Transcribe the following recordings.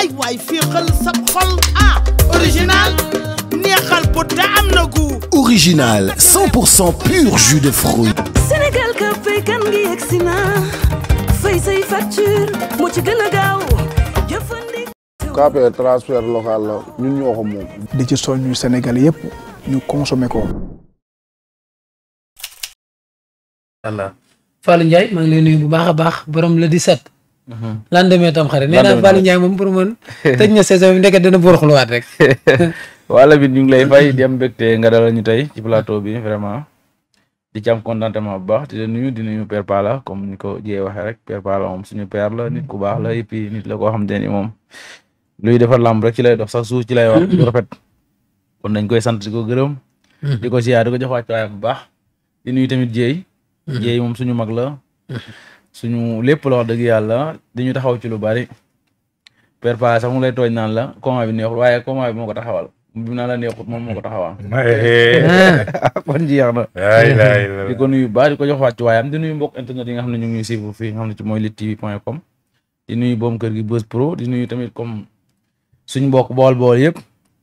ay waay féexal sa xol ah original neexal bu te original pur jus de fruits Sénégal ka fay kan ngi yegsi na fay say facture mu ci gën gaaw jëfandi transfert local la ñun ñoo ko moom di ci soñ ñu Sénégal yëpp ñu consommer ko Allah bu baax a baax borom le Uh-huh. lan demee tam xarit nee naa Fallou Ndiaye moom pour man tëj na saison bi ndeket dana boroxluwaat rek wala bi ñu ngi lay fay di am mbégte nga dalal ñu tey ci plateau bi vraiment di ci am contentement bu baax di la nuyu di nuyu Père Pala comme ni ko jiyee waxee rek Père Pala moom suñu père la nit ku baax la et puis nit la koo xamante ni moom luy defar lamb rek ci lay dox sax suuf ci lay wax lu rafet kon nañ koy sant di ko gërëm di ko ziar di ko jox wàccuwaayam bu baax di nuyu tamit Dieye mm-hmm. moom suñu mag la mm-hmm. suñu lépp la wax dëgg yàlla dañu taxaw ci lu bari per pa sax mu lay tooñ naan la combat bi neexut waaye combat bi moo ko taxawal bi naan la neexut moom moo ko taxawal. kon jeex na. di ko nuyu baax ko jox wàcc waayam di nuyu mbokk internet yi nga xam ne ñu ngi suivre fii nga xam ne di nuyu boom kër gi Buzz di nuyu tamit comme suñu mbokk bool bool yëpp.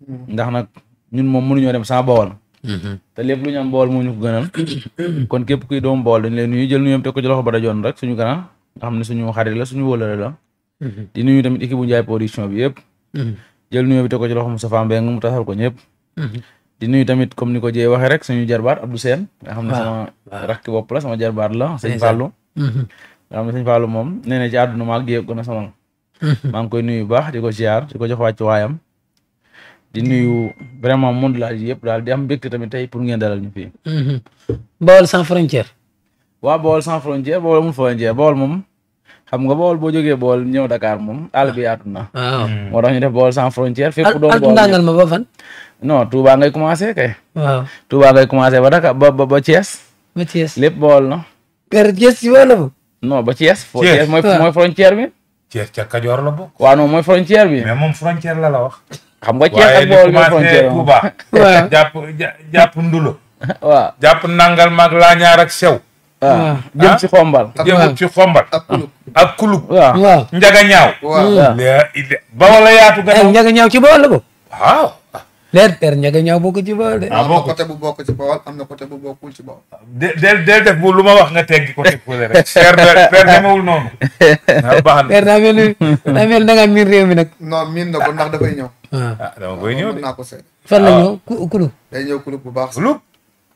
Hmm. ndax nag ñun moom mënuñoo dem sans bool. Mm-hmm. te lépp lu ñu am bool moo ñu ko gënal kon képp kuy doomu bool dañ leen nuyu jël nuyam teg ko ci loxo ba dajoon rek suñu grand nga xam ne suñu xarit la suñu wóolale la mm-hmm. di nuyu tamit équipe bu Njaay production bi yëpp mm-hmm. jël nuyu bi teg ko ko ñëpp di nuyu tamit comme ni ko jee waxee rek suñu jarbaat Abdou Sène nga xam ne ah, sama rakki bopp la sama jarbaat la sëñ Fallou nga xam ne sëñ Fallou moom nee na ci àdduna maa ak jéeg a sonal maa ngi koy nuyu baax di ko ziar di ko jox wàcc waayam di nuyu vraiment monde laaj yëpp daal di am mbégte tamit tey pour ngeen dalal ñu fii. Mhm. Bawol sans frontière. waaw Bawol sans frontière Bawol moom xam nga Bawol boo jógee Bawol ñëw Dakar moom àll bi yaatu na. waaw mm. moo tax ñu def Bawol sans frontière. fépp doon Bawol ndàngal ma ba fan. non Touba Bawol na. per ba. non ba Thiès. Thiès mooy mooy frontière bi. Thiès ca Kajoor la bokk. waaw non mooy frontière bi. mais moom frontière la la xam nga Thiès ak Bawol ñoo frontière waaw waaw jàpp jàpp ndulo. waaw nangal mag laa ñaar ak sew. waaw ci xombal. jëm ci xombal. ak kulub njaga ñaaw. waaw bawol yaatu. gannaaw njaga ñaaw ci bawol la ko leer ter ñaga ñaaw bokk ci bawol de. Ah, am na bu bokk am na côté bu bokkul ci bawol. lu ma wax nga teggi côté fële rek. ter ter demewul noonu. waaw ah, baax na ter daa mel ni miin réew mi nag. non miin na ko ndax dafay ñëw. ah, ah dama koy fan la ñëw ku day ñëw kulub bu baax. kulub.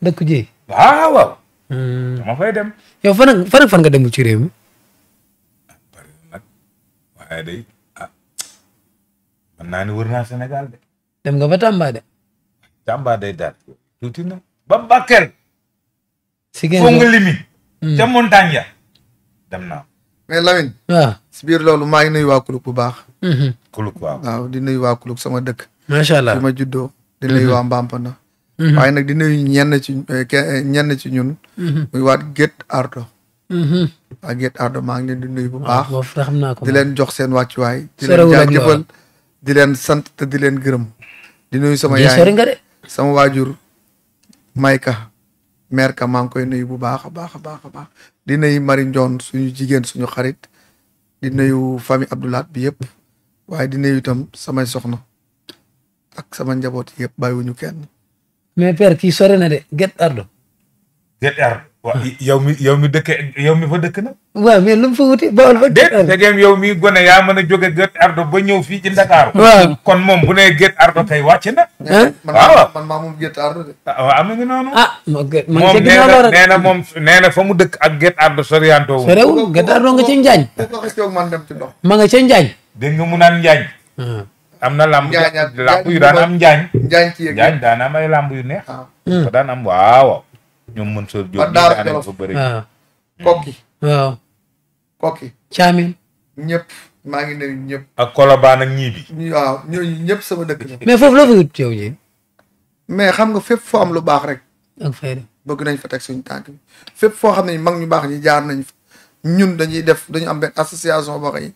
dëkk jéey. waaw waaw. Hmm. dama fay dem. yow fan ak fan ak fan nga ci réew mi. naa ni wër naa Sénégal dem nga fa Tamba de. Tamba day daal tuuti na. ba Bakel. si nga limi. Hmm. ca montagne ya dem naa. mais Lamine. waaw si biir loolu maa ngi nuyu waa bu baax. Hmm. Kulub waaw waaw di nuyu waa sama dëkk. macha allah bi ma juddoo. di nuyu hmm. waa Mbampana. waaye nag di nuyu ñenn ci eh, eh, ñenn ci ñun. muy waat Gét Ardo. waa maa ngi leen di nuyu bu baax. waaw xam naa ko di jox seen wàccuwaay. di leen jaajëfal di leen sant te di leen gërëm. di nuyu sama yaay sama waajur Mayka mère ka maa ngi koy nuyu bu baax a baax a baax a baax di nuyu Marie Ndion suñu jigéen suñu xarit di nuyu famille Abdoulaat bi yëpp waaye di nuyu itam samay soxna ak sama njaboot yëpp bàyyiwuñu kenn. mais père kii sore na de Guet Ardo. waaw yow mi yow mi dëkk yow mi fa dëkk na. waaw mais lu mu fa wuti ba. déet dégeem yow mi gone yaa a jóge Guet Ardo ba ñëw fii ci Dakar. kon moom bu nee Guet Ardo tey wàcc na. waaw man maa moom Guet Ardo de. ah na moom nee na fa mu dëkk ak Guet Ardo sorianto wu. sorewul Guet Ardo nga ca Njaañ. man dem ci ndox. ma nga ca Njaañ. dégg nga mu naan Njaañ. Ah. am na lamb lamb yu daan am Njaañ. Njaañ ci yëg Njaañ daan am ay lamb yu neex. Ah. daan am waaw ñoom mën soo jóg daara jolof fa bëri ah. waaw kokki waaw kokki caamin ñëpp maa ngi nuyu ñëpp ak Colobane ak ñii bi waaw ñooñu ñëpp sama dëkk la mais foofu loo fa mais xam nga fépp foo am lu baax rek bëgg nañ fa teg suñ tànk bi fépp foo xam ne mag ñu baax ñi jaar nañ fa ñun dañuy def dañu am benn association boo xam ne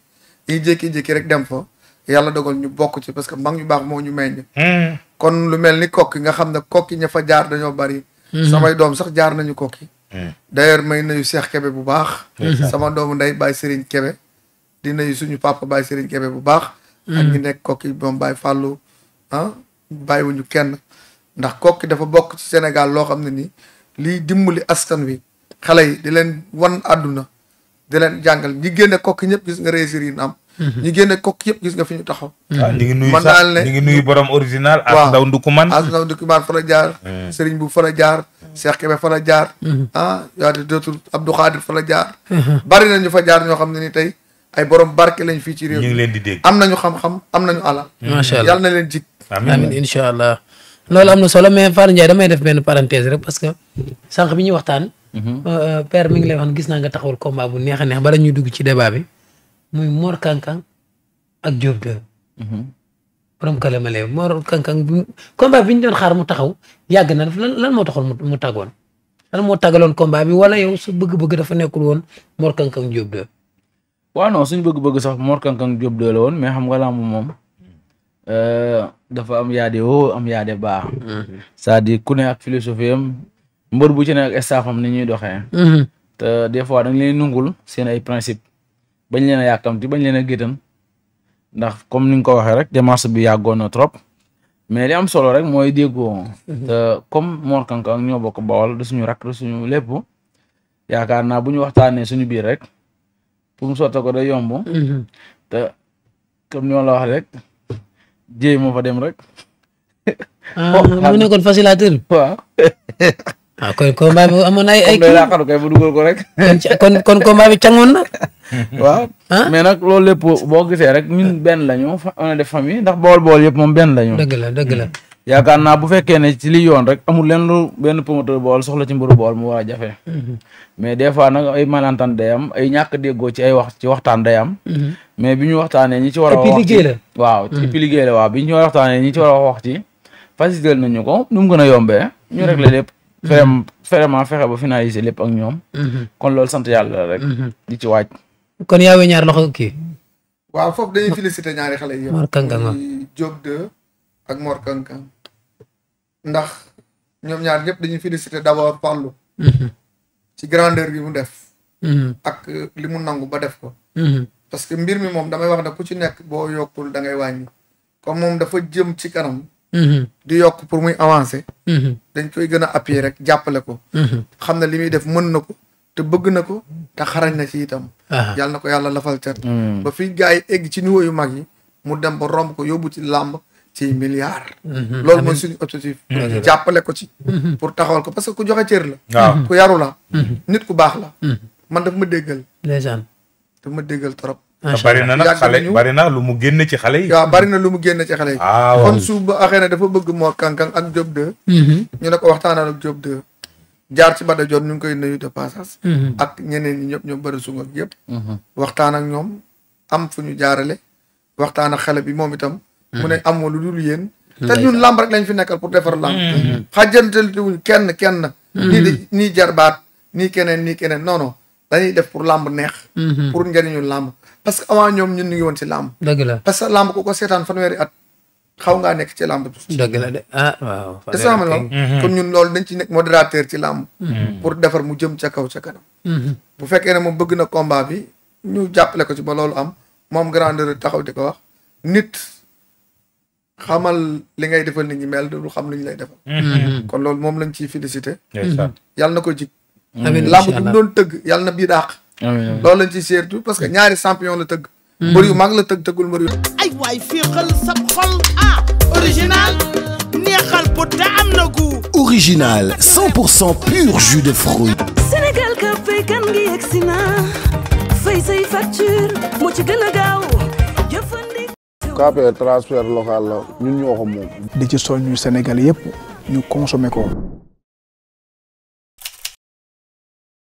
yi jékki rek dem fa yàlla dogal ñu bokk ci parce que mag ñu baax moo ñu meññ hmm. kon lu mel ni kokki nga xam ne kokki ña fa jaar dañoo bari Mhm. samay doom sax jaar nañu kokki eh. d'ailleurs may nañu Cheikh Kebe bu baax eh. sama doomu nday Baye Serigne Kebe di nañu suñu papa baay sëriñ Kebe bu baax mhm. ak ñi nekk kokki moom Baye Fallou ah, bàyyiwuñu kenn ndax kokki dafa bokk ci loo xam ne nii liy dimbali astan wi xale yi di leen wan àdduna di leen jàngal ñi génne kokki ñëpp gis nga réussir am Mm-hmm. ñi génne kokk yëpp gis nga fi ñu taxaw. waaw mm-hmm. ah, ñu ngi nuyu sax ñu ngi nuyu borom original. waaw as ndaw ndukuman as ndaw ndukuman fara jaar. Mm. Serigne bu fara jaar. Mm. Cheikh Kébé fara jaar. Mm-hmm. ah yaa di dootul Abdou Khadir fara jaar. bari na ñu fa jaar ñoo xam ne ni tey ay borom barke lañ fii ci réew ñu ngi leen di dégg am xam-xam am nañu alal. macha allah yàlla na leen jig. amiin incha allah. loolu am na solo mais Fallou Ndiaye damay def benn parenthèse rek parce que sànq bi ñuy waxtaan. Euh, père mi ngi lay wax gis naa nga taxawal combat bu neex a neex ñuy dugg ci débat bi muy Mor Kankang ak Diop de. Mm-hmm. borom kalamale Mor Kankang bi combat bi ñu doon xaar mu taxaw yàgg na lan moo taxoon mu tàggoon lan moo tagaloon combat bi wala yow su bëgg-bëgg dafa nekkul woon Mor Kankang Diop de. waaw non bëgg-bëgg sax Mor Kankang Diop woon mais xam nga làmb moom. Euh, dafa am yaade woo am yaade baax. Mm-hmm. c'est-à-dire ku ne ak philosophie am mbër bu ci ne ak staff ni ñuy doxee. Mm-hmm. te des fois nga leen nungul seen ay principe bañ leen a yàkkamti bañ leen a géttan ndax comme ni nga ko waxee rek démarche bi yàggoon na trop mais li am solo rek mooy déggoo mhm. te comme Mor Kang ñoo bokk Bawol du suñu rakk du suñu lépp yaakaar naa bu ñu waxtaanee suñu biir rek pour mu sotta ko day yomb mhm. comme ñoo la wax rek jéey moo fa dem rek ah, mu nekkoon facilitateur waaw waaw ah, kon combat bi amoon ay ay kii comme kon kon combat bi cangoon na. waaw ah? mais nag loolu lépp boo gisee rek ñun benn la ñu on est des famille ndax bool-bool yëpp moom benn la ñu. dëgg la dëgg la. Mm. yaakaar naa bu fekkee ne ci li yoon rek amul leen lu benn promoteur bool soxla ci mburu bool mu war a jafe. Mm-hmm. mais des fois nag ay malentente day am ay ñàkk déggoo ci ay wax ci waxtaan day am. Mm-hmm. mais bi ñu waxtaanee ñi ci war a. wax ci mm-hmm. liggéey la waaw ci liggéey la bi ñu waxtaanee ñi ci war a wax ci facilité nañu ko nu mu gën a yombee. ñu réglé lépp. vraiment fexe ba finaliser lépp ak ñoom. Mhm. kon loolu sant yàlla rek. Mhm. di ci waaj. kon yaa ngi ñaar loxo kii. waaw foofu dañuy féliciter ñaari xale yi. Mor Kankan muy Diop ak Mor Kankan ndax ñoom ñaar ñëpp dañuy féliciter d'abord Fallou. Mhm. ci grandeur bi mu def. ak euh, li mu nangu ba def ko. parce que mbir mi moom damay wax ne ku ci nekk boo yokkul dangay ngay wàññi. comme moom dafa jëm ci kanam. Mm-hmm. di yokk pour muy avancer. Mm-hmm. dañ koy gën a appuyer rek jàppale ko. Mm-hmm. xam na li muy def mën na ko te bëgg na ko te xarañ na ci itam. Ah. yàlla na ko yàlla lafal cat. Mm. ba fi gars yi egg ci niveau yu mag yi mu dem ba romb ko yóbbu ci làmb ci milliard. loolu mooy suñu objectif. jàppale ko ci. pour taxawal ko parce que ku joxe cër la. ku yaru la. nit ku baax la. man daf ma déggal. ndeysaan daf ma déggal trop. incha bari na nag xale bari na lu mu génn ci xale yi. waaw bari na lu mu génn ci xale yi. kon su ba axee ne dafa bëgg moo kankang ak Diop 2. Mm-hmm. ñu ne ko waxtaanal ak Diop 2. jaar ci da joor ñu ngi koy nuyu de passage. Mm-hmm. ak ñeneen ñi ñëpp ñoom bëri su ngoog yëpp. Mm-hmm. waxtaan ak ñoom am fu ñu jaarale. waxtaan ak xale bi moom itam. mu ne amoo lu dul yéen. te ñu lamb rek lañ fi nekkal pour defar lamb. xajjantal wuñ kenn kenn. nii di nii jarbaat nii keneen nii keneen non dañuy def pour lamb neex. pour njëriñu lamb. parce que avant ñoom ñun ñu ngi woon ci làmb. parce que làmb ku ko seetaan fanweeri at xaw ngaa nekk ci làmb. dëgg la de ah waaw. te kon ñun loolu dañ ci nekk modérateur ci làmb. Mm-hmm. pour defar mu jëm ca kaw ca kanam. Mm-hmm. bu fekkee ne moom bëgg na combat bi ñu jàppale ko ci ba loolu am moom grandeur taxaw di ko wax nit. xamal li ngay defal ni ñi mel du xam lu lay defal. Mm-hmm. kon loolu moom lañ ciy félicité. yàlla na ko jig. amiin làmb du doon tëgg yàlla na bii daax. Ah ah loolu lañ ci seertu parce que ñaari sampion la tëgg. mbër yu mag la tëgg tëggul mbër yu. ay waay féexal sab xol ah original neexal bu te am original 100 pour cent pur jus de fruits. Sénégal ka fay kan ngi yegsi na fay say facture moo ci gën a gaaw jëfandikoo. local la ñun ñoo ko moom. di ci soññu Sénégal yëpp ñu consommer ko.